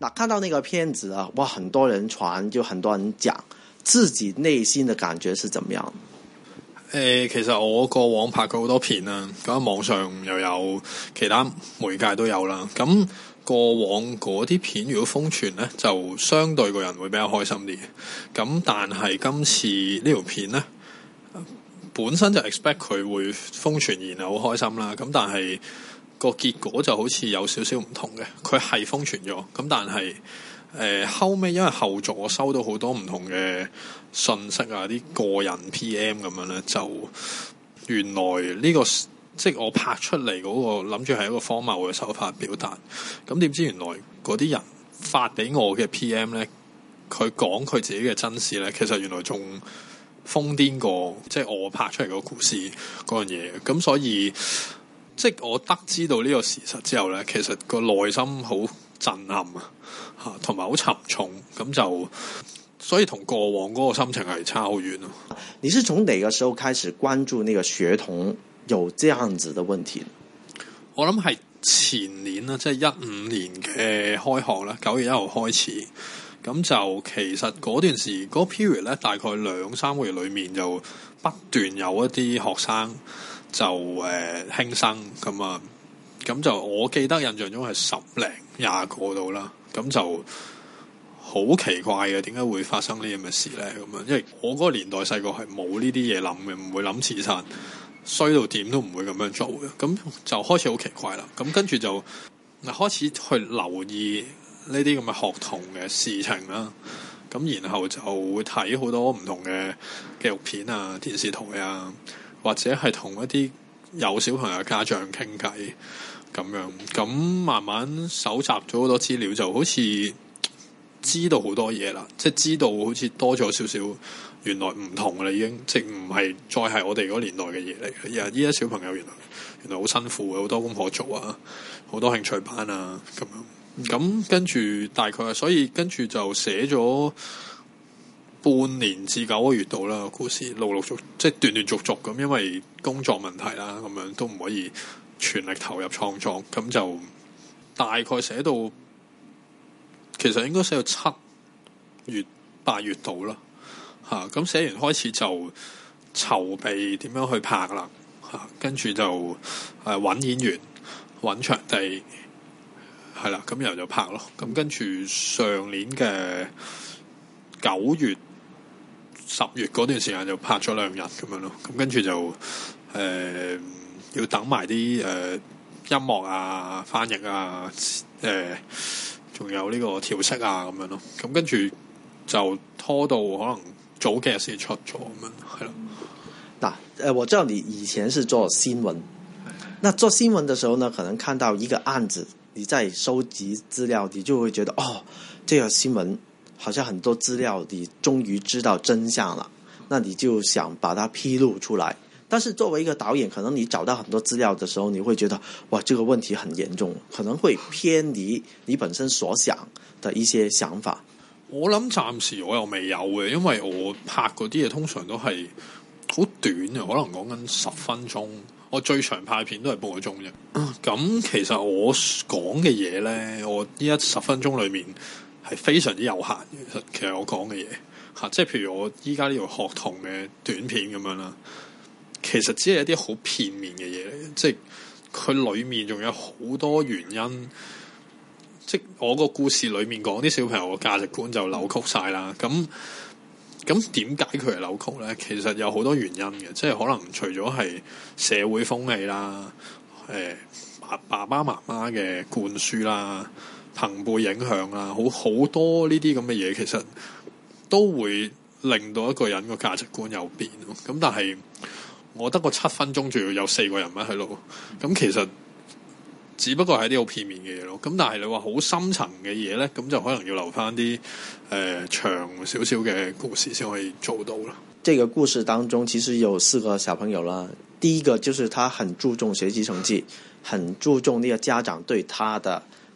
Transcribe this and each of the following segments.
嗱，看到那個片子啊，哇！很多人傳，就很多人講自己內心的感覺是怎麼樣？誒，其實我過往拍過好多片啦，咁網上又有其他媒介都有啦。咁過往嗰啲片如果瘋傳呢，就相對個人會比較開心啲。咁但係今次呢條片呢，本身就 expect 佢會瘋傳，然後好開心啦。咁但係。個結果就好似有少少唔同嘅，佢係封存咗，咁但係誒、呃、後屘後尾，因為後續我收到好多唔同嘅信息啊，啲個人 P M 咁樣咧，就原來呢、這個即係、就是、我拍出嚟嗰，那個諗住係一個荒謬嘅手法表達，咁點知原來嗰啲人發俾我嘅 P M 咧，佢講佢自己嘅真事咧，其實原來仲瘋癲過，即、就、係、是、我拍出嚟個故事嗰樣嘢，咁所以。即我得知到呢個事實之後咧，其實個內心好震撼啊，吓同埋好沉重，咁就所以同過往嗰個心情係差好遠咯。你是從哪個時候開始關注呢個學童有這樣子的問題？我諗係前年啦，即係一五年嘅開學啦，九月一號開始，咁就其實嗰段時嗰個 period 咧，大概兩三個月裏面就不斷有一啲學生。就誒、呃、輕生咁啊，咁就我記得印象中係十零廿個度啦，咁就好奇怪嘅，點解會發生呢啲咁嘅事咧？咁啊，因為我嗰個年代細個係冇呢啲嘢諗嘅，唔會諗自殺，衰到點都唔會咁樣做嘅，咁就開始好奇怪啦。咁跟住就嗱開始去留意呢啲咁嘅學童嘅事情啦，咁然後就會睇好多唔同嘅紀錄片啊、電視台啊。或者係同一啲有小朋友家長傾偈咁樣，咁慢慢搜集咗好多資料，就好似知道好多嘢啦，即係知道好似多咗少少，原來唔同啦已經，即唔係再係我哋嗰年代嘅嘢嚟嘅。而家小朋友原來原來好辛苦嘅，好多功課做啊，好多興趣班啊咁樣。咁跟住大概，所以跟住就寫咗。半年至九個月度啦，故事陸陸續即係斷斷續續咁，因為工作問題啦，咁樣都唔可以全力投入創作，咁就大概寫到，其實應該寫到七月八月度啦，吓、啊、咁寫完開始就籌備點樣去拍啦，吓、啊、跟住就誒揾、啊、演員揾場地係啦，咁然後就拍咯，咁、啊、跟住上年嘅九月。十月嗰段時間就拍咗兩日咁樣咯，咁跟住就誒、呃、要等埋啲誒音樂啊、翻譯啊、誒、呃、仲有呢個調色啊咁樣咯，咁跟住就拖到可能早幾日先出咗咁樣係咯。嗱、嗯、誒、呃、我知道你以前是做新聞，嗯、那做新聞嘅時候呢，可能看到一個案子，你在收集資料，你就會覺得哦，這有、個、新聞。好像很多資料，你終於知道真相了，那你就想把它披露出來。但是作為一個導演，可能你找到很多資料的時候，你會覺得，哇，這個問題很嚴重，可能會偏離你本身所想的一些想法。我諗暫時我又未有嘅，因為我拍嗰啲嘢通常都係好短啊，可能講緊十分鐘，我最長拍片都係半個鐘啫。咁 其實我講嘅嘢咧，我呢一十分鐘裏面。係非常之有限，其實我講嘅嘢吓，即係譬如我依家呢條學童嘅短片咁樣啦，其實只係一啲好片面嘅嘢，即係佢裏面仲有好多原因，即係我個故事裏面講啲小朋友嘅價值觀就扭曲晒啦。咁咁點解佢係扭曲咧？其實有好多原因嘅，即係可能除咗係社會風氣啦，誒、欸、爸爸爸媽媽嘅灌輸啦。朋輩影響啊，好好多呢啲咁嘅嘢，其實都會令到一個人個價值觀有變。咁但係我得個七分鐘，仲要有四個人咩喺度？咁其實只不過係一啲好片面嘅嘢咯。咁但係你話好深層嘅嘢咧，咁就可能要留翻啲誒長少少嘅故事先可以做到啦。呢個故事當中，其實有四個小朋友啦。第一個就是他很注重學習成績，很注重呢個家長對他的。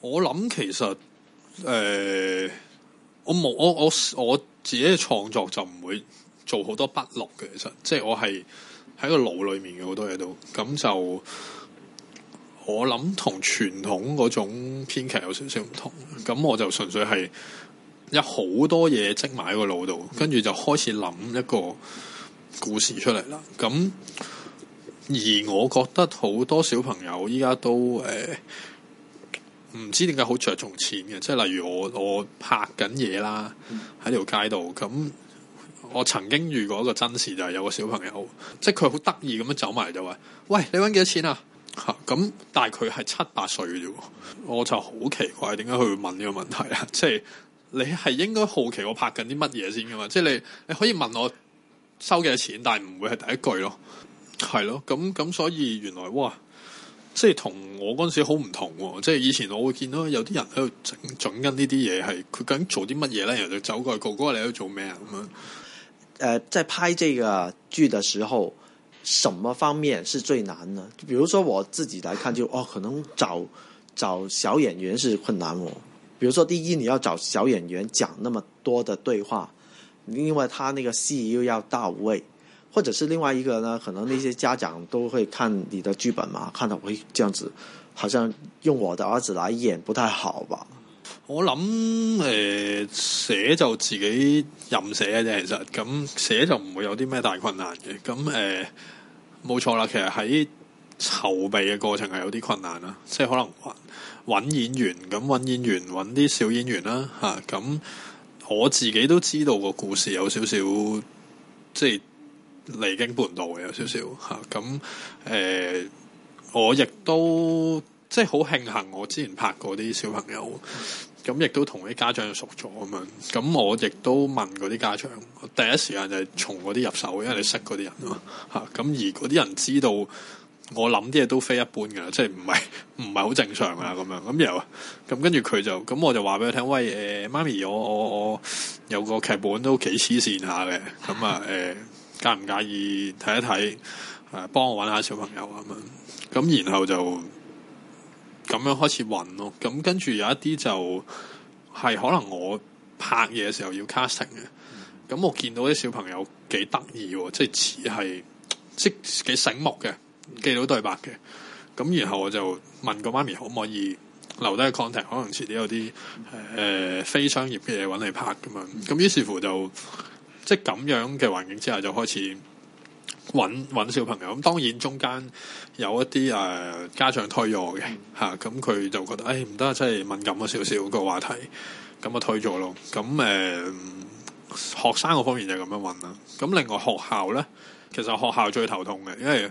我諗其實誒、呃，我冇我我我自己嘅創作就唔會做好多筆錄嘅，其實即係我係喺個腦裏面嘅好多嘢都，咁就我諗同傳統嗰種編劇有少少唔同，咁我就純粹係有好多嘢積埋喺個腦度，跟住就開始諗一個故事出嚟啦。咁而我覺得好多小朋友依家都誒。呃唔知點解好着重錢嘅，即係例如我我拍緊嘢啦，喺條街度咁，我曾經遇過一個真事就係有個小朋友，即係佢好得意咁樣走埋嚟，就話：喂，你揾幾多錢啊？嚇！咁但係佢係七八歲啫喎，我就好奇怪點解佢會問呢個問題啊？即係你係應該好奇我拍緊啲乜嘢先噶嘛？即係你你可以問我收幾多錢，但係唔會係第一句咯。係咯，咁咁所以原來哇～即係同我嗰陣時好唔同喎，即係以前我會見到有啲人喺度整緊呢啲嘢，係佢究竟做啲乜嘢咧？人哋走過嚟，哥哥你喺度做咩啊？咁樣，誒，在拍這個劇嘅時候，什麼方面是最難呢？就譬如說我自己嚟看就，就哦，可能找找小演員是困難喎。比如說，第一你要找小演員講那麼多的對話，另外他那個戲又要到位。或者是另外一個呢？可能那些家長都會看你的劇本嘛，看到會這樣子，好像用我的兒子來演不太好吧？我諗誒、呃，寫就自己任寫嘅啫。其實咁、嗯、寫就唔會有啲咩大困難嘅。咁、嗯、誒，冇、嗯、錯啦。其實喺籌備嘅過程係有啲困難啦，即係可能搵演員咁搵演員，搵啲小演員啦吓。咁、啊嗯、我自己都知道個故事有少少即係。離經叛道嘅有少少吓，咁誒、 啊欸，我亦都即係好慶幸，我之前拍過啲小朋友，咁亦都同啲家長熟咗咁樣。咁我亦都問嗰啲家長，我第一時間就係從嗰啲入手，因為你識嗰啲人嘛吓。咁、啊、而嗰啲人知道我諗啲嘢都非一般噶，即係唔係唔係好正常啊，咁樣咁又咁跟住佢就咁，我就話俾佢聽喂，誒，媽咪，我我我有個劇本都幾黐線下嘅咁啊，誒、嗯。介唔介意睇一睇？誒、啊，幫我揾下小朋友咁樣，咁然後就咁樣開始揾咯。咁跟住有一啲就係、是、可能我拍嘢嘅時候要 casting 嘅。咁、嗯、我見到啲小朋友幾得意喎，即係似係即幾醒目嘅，記到對白嘅。咁然後我就問個媽咪可唔可以留低個 contact，可能遲啲有啲誒、嗯呃、非商業嘅嘢揾你拍噶嘛。咁於是乎就。即咁樣嘅環境之下，就開始揾揾小朋友咁。當然中間有一啲誒、呃、家長推咗我嘅嚇，咁、啊、佢就覺得誒唔得，真、哎、係敏感咗少少個話題，咁啊推咗咯。咁誒、呃、學生嗰方面就咁樣揾啦。咁另外學校咧，其實學校最頭痛嘅，因為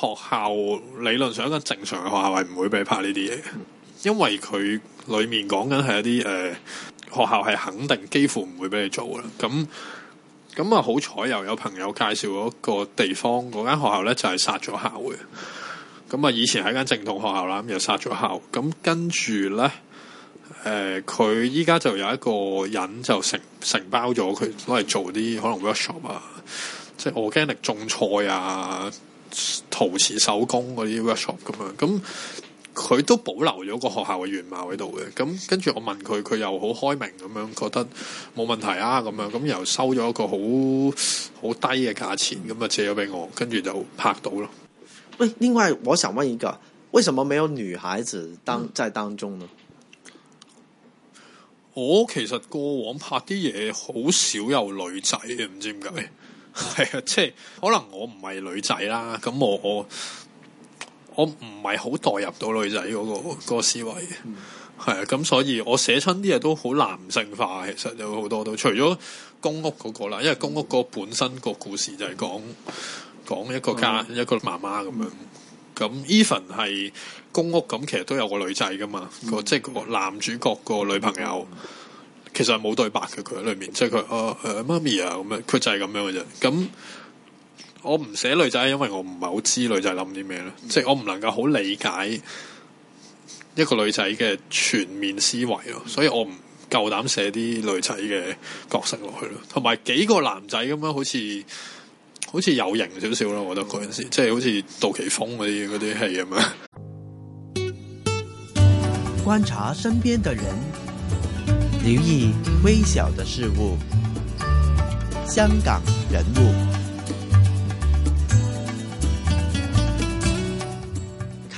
學校理論上一個正常嘅學校係唔會俾你拍呢啲嘢，因為佢裡面講緊係一啲誒、呃、學校係肯定幾乎唔會俾你做啦。咁。咁啊，好彩又有朋友介紹嗰個地方嗰間學校咧，就係殺咗校嘅。咁啊，以前係間正統學校啦，咁又殺咗校。咁跟住咧，誒、呃，佢依家就有一個人就承承包咗佢攞嚟做啲可能 workshop 啊，即係 organic 種菜啊、陶瓷手工嗰啲 workshop 咁樣咁。嗯佢都保留咗個學校嘅原貌喺度嘅，咁跟住我問佢，佢又好開明咁樣，覺得冇問題啊，咁樣咁又收咗一個好好低嘅價錢，咁啊借咗俾我，跟住就拍到咯。喂，另外我想問一個，為什麼沒有女孩子當、嗯、在當中呢？我其實過往拍啲嘢好少有女仔嘅，唔知點解，係 啊、就是，即係可能我唔係女仔啦，咁我我。我唔係好代入到女仔嗰個個思維，係咁、嗯，所以我寫親啲嘢都好男性化。其實有好多都，除咗公屋嗰、嗰個啦，因為公屋個本身個故事就係講講一個家、嗯、一個媽媽咁樣。咁 even 係公屋咁，其實都有個女仔噶嘛，嗯、即係個男主角個女朋友，嗯、其實係冇對白嘅。佢喺裏面即係佢，誒、啊、誒、呃，媽咪啊咁樣，佢就係咁樣嘅啫。咁。我唔寫女仔，因為我唔係好知女仔諗啲咩咯，嗯、即係我唔能夠好理解一個女仔嘅全面思維咯，嗯、所以我唔夠膽寫啲女仔嘅角色落去咯，同埋幾個男仔咁樣，好似好似有型少少咯，我覺得嗰陣時，嗯、即係好似杜琪峰嗰啲嗰啲戲咁樣、嗯。 觀察身邊嘅人，留意微小嘅事物，香港人物。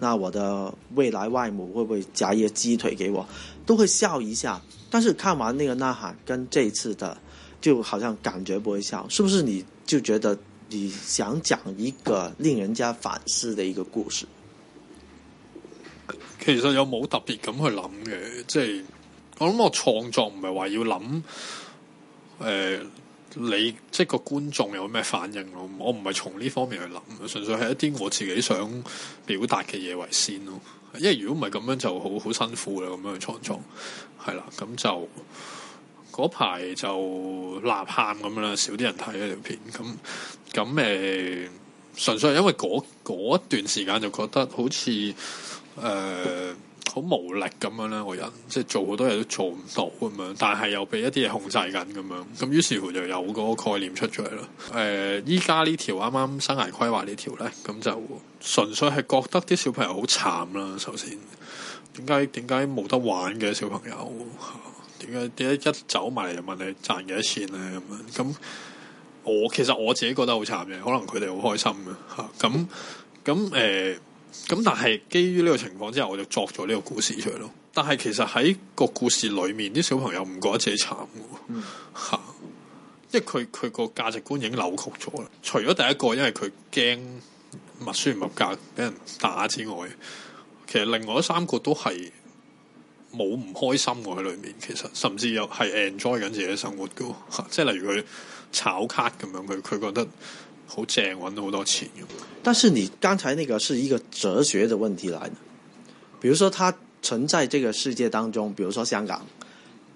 那我的未來外母會不會夾一個雞腿給我，都會笑一下。但是看完那個吶喊跟這次的，就好像感覺不會笑，是不是？你就覺得你想講一個令人家反思的一個故事。其實有冇特別咁去諗嘅？即係我諗我創作唔係話要諗，誒、呃。你即係個觀眾有咩反應咯？我唔係從呢方面去諗，純粹係一啲我自己想表達嘅嘢為先咯。因為如果唔係咁樣就好好辛苦啦，咁樣去創作係啦。咁就嗰排就吶喊咁樣啦，少啲人睇呢條片咁咁誒，呃，純粹係因為嗰一段時間就覺得好似誒。呃好無力咁樣咧，個人即係做好多嘢，都做唔到咁樣，但係又俾一啲嘢控制緊咁樣，咁於是乎就有嗰個概念出咗嚟咯。誒、呃，依家呢條啱啱生涯規劃呢條咧，咁就純粹係覺得啲小朋友好慘啦。首先，點解，點解冇得玩嘅小朋友？點解，點解一走埋嚟就問你賺幾多錢咧？咁樣咁，我其實我自己覺得好慘嘅。可能佢哋好開心嘅吓，咁咁誒。咁但係基於呢個情況之下，我就作咗呢個故事出嚟咯。但係其實喺個故事裏面，啲小朋友唔覺得自己慘嘅，吓、嗯，因為佢佢個價值觀已經扭曲咗啦。除咗第一個，因為佢驚默書唔合格俾人打之外，其實另外三個都係冇唔開心嘅喺裏面。其實甚至有係 enjoy 緊自己生活嘅，啊，即係例如佢炒卡咁樣，佢佢覺得。好正，揾到好多錢。但是你剛才那個是一個哲學的問題來的，比如說，他存在這個世界當中，比如說香港。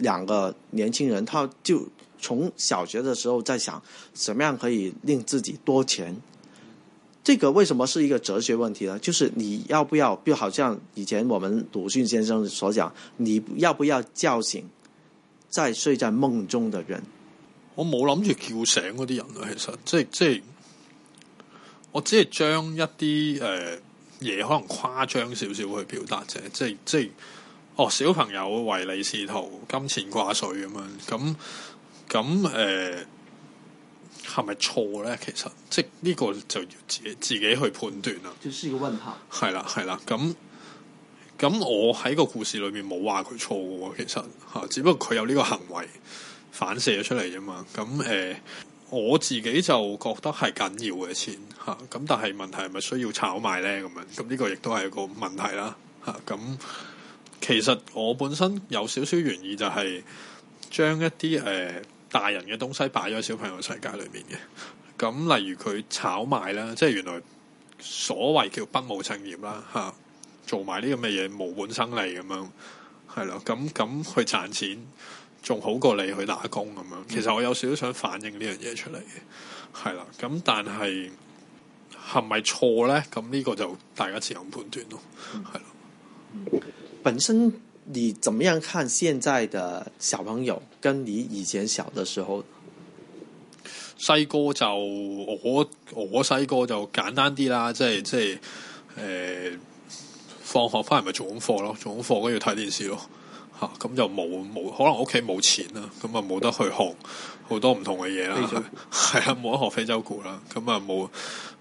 兩個年輕人，他就從小學的時候在想，怎麼樣可以令自己多錢？這個為什麼是一個哲學問題呢？就是你要不要，比如好像以前我們魯迅先生所講，你要不要叫醒在睡在夢中的人？我冇諗住叫醒嗰啲人啊，其實即係即係，我只係將一啲誒嘢，可能誇張少少去表達啫，即係即係。哦，小朋友唯利是圖，金錢掛帥咁樣咁咁誒，係咪錯咧？其實即係呢個就要自己自己去判斷啦。係啦，係啦，咁咁我喺個故事裏面冇話佢錯嘅，其實吓、啊，只不過佢有呢個行為反射咗出嚟啫嘛。咁、啊、誒、呃，我自己就覺得係緊要嘅錢吓，咁、啊、但係問題係咪需要炒賣咧？咁樣咁呢個亦都係個問題啦吓咁。啊。其實我本身有少少原意就將，就係將一啲誒大人嘅東西擺咗小朋友世界裏面嘅。咁例如佢炒賣啦，即、就、係、是、原來所謂叫不務正業啦，吓、啊、做埋呢咁嘅嘢，無本生利咁樣，係啦。咁咁去賺錢仲好過你去打工咁樣。 其實我有少少想反映呢這樣嘢出嚟嘅，係啦。咁但係係咪錯咧？咁呢個就大家自行判斷咯，係咯。 本身你怎麼樣看現在的小朋友，跟你以前小的時候？細個就我我細個就簡單啲啦，即係即係誒，放學翻嚟咪做功課咯，做功課跟住睇電視咯，吓、啊、咁、嗯、就冇冇可能屋企冇錢啦，咁啊冇得去學好多唔同嘅嘢啦，係啊冇得學非洲鼓啦，咁啊冇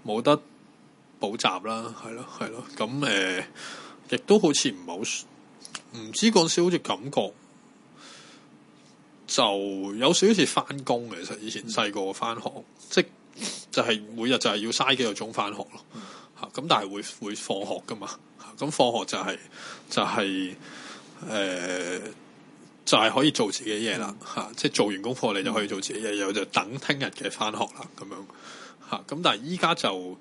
冇得補習啦，係咯係咯咁誒。亦都好似唔係好，唔知陣時，好似感覺就有少少似翻工嘅。其實以前細個翻學，即、嗯、就係每日就係要嘥幾個鐘翻學咯。吓咁、嗯，但係會會放學噶嘛？咁放學就係就係誒，就係、是呃就是、可以做自己嘢啦。吓，即係做完功課你就可以做自己嘢，嗯、又就等聽日嘅翻學啦。咁樣吓咁，但係依家就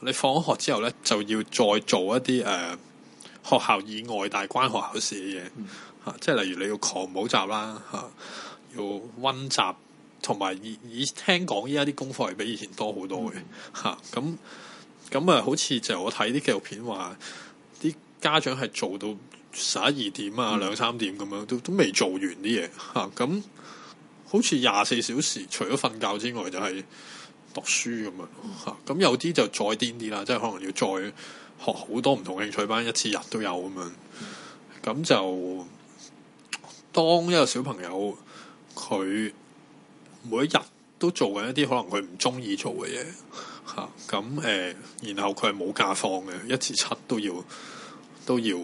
你放咗學之後咧，就要再做一啲誒。呃學校以外，大關學校事嘅嘢，嚇、嗯啊，即係例如你要狂補習啦，嚇、啊，要温習，同埋以以聽講，依家啲功課係比以前多好多嘅，嚇、嗯，咁咁啊，好似就我睇啲紀錄片話，啲家長係做到十一二點啊，兩三點咁、啊、樣，嗯、都都未做完啲嘢，嚇、啊，咁好似廿四小時，除咗瞓覺之外，就係讀書咁、嗯、啊，嚇，咁有啲就再癲啲啦，即係可能要再。學好多唔同興趣班，一至日都有咁樣，咁、嗯、就當一個小朋友，佢每一日都做緊一啲可能佢唔中意做嘅嘢，吓咁誒，然後佢係冇假放嘅，一至七都要都要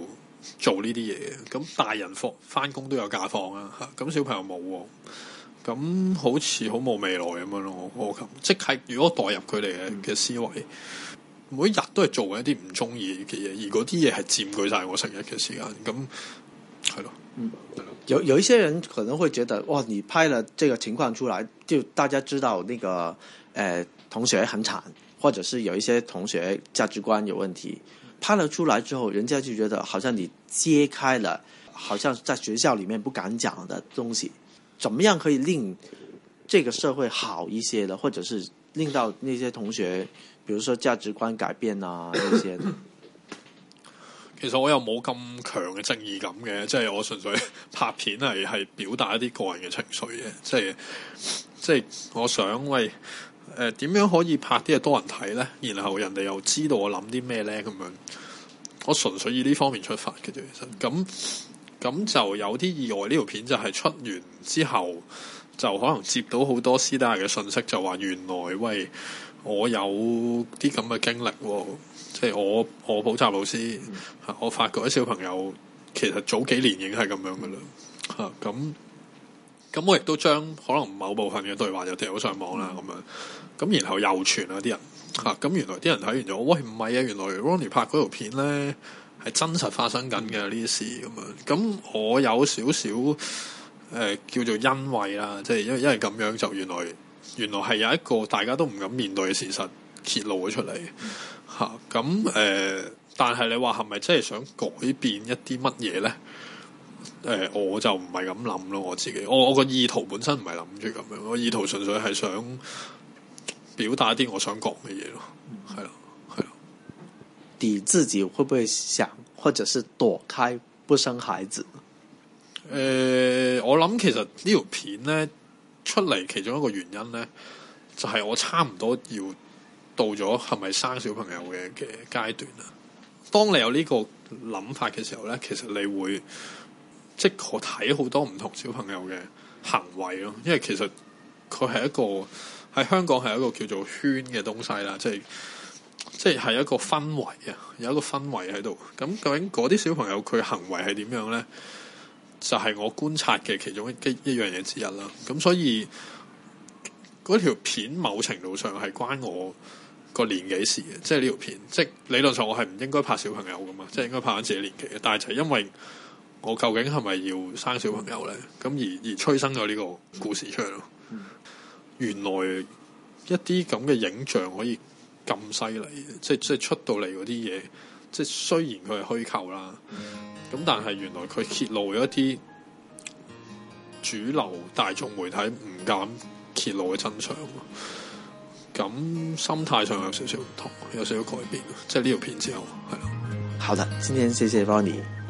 做呢啲嘢嘅，咁大人放翻工都有假放啊，吓，咁小朋友冇，咁好似好冇未來咁樣咯，我琴即係如果代入佢哋嘅嘅思維。嗯每一日都係做一啲唔鍾意嘅嘢，而嗰啲嘢係佔據晒我成日嘅時間。咁係咯，嗯，有有一些人可能會覺得，哇，你拍了這個情況出來，就大家知道那個誒、呃、同學很慘，或者是有一些同學價值觀有問題，拍了出來之後，人家就覺得好像你揭開了，好像在學校裡面不敢講的東西，怎麼樣可以令這個社會好一些呢？或者是令到那些同學？.比如說價值觀改變啊，呢些 。其實我又冇咁強嘅正義感嘅，即係我純粹拍片係係表達一啲個人嘅情緒嘅，即係即係我想喂，誒，點樣可以拍啲嘢多人睇呢？然後人哋又知道我諗啲咩呢？咁樣我純粹以呢方面出發嘅，啫其實咁咁就有啲意外。呢條片就係出完之後就可能接到好多私底下嘅信息，就話原來喂。我有啲咁嘅經歷喎，即係我我補習老師，嚇、嗯、我發覺啲小朋友其實早幾年已經係咁樣噶啦，嚇，咁咁我亦都將可能某部分嘅對話就掉咗上網啦，咁、嗯、樣咁然後又傳啊啲人嚇，咁原來啲人睇完咗，喂唔係啊，原來 Ronnie 拍嗰條片咧係真實發生緊嘅呢啲事咁樣，咁我有少少誒叫做欣慰啦，即係因為因為咁樣就原來。原來原來原來原來係有一個大家都唔敢面對嘅事實揭露咗出嚟吓，咁誒，但係你話係咪真係想改變一啲乜嘢咧？誒、呃，我就唔係咁諗咯，我自己我我個意圖本身唔係諗住咁樣，我意圖純粹係想表達一啲我想講嘅嘢咯，係咯係咯。你自己會不會想，或者是躲開不生孩子？誒、嗯、呃，我諗其實呢條片咧。出嚟，其中一個原因呢，就係、是、我差唔多要到咗，係咪生小朋友嘅嘅階段啦？當你有呢個諗法嘅時候呢，其實你會即刻睇好多唔同小朋友嘅行為咯。因為其實佢係一個喺香港係一個叫做圈嘅東西啦，即係即係係一個氛圍啊，有一個氛圍喺度。咁究竟嗰啲小朋友佢嘅行為係點樣呢？就係我觀察嘅其中一一樣嘢之一啦。咁所以嗰條片某程度上係關我個年紀的事嘅，即係呢條片，即係理論上我係唔應該拍小朋友噶嘛，即係應該拍緊自己年紀嘅。但係就係因為我究竟係咪要生小朋友咧？咁而而催生咗呢個故事出嚟咯。原來一啲咁嘅影像可以咁犀利，即即係出到嚟嗰啲嘢。即係雖然佢係虛構啦，咁但係原來佢揭露咗一啲主流大眾媒體唔敢揭露嘅真相咯。咁心態上有少少唔同，有少少改變即係呢條片之後，係啊。好的，今天謝謝 Ronnie。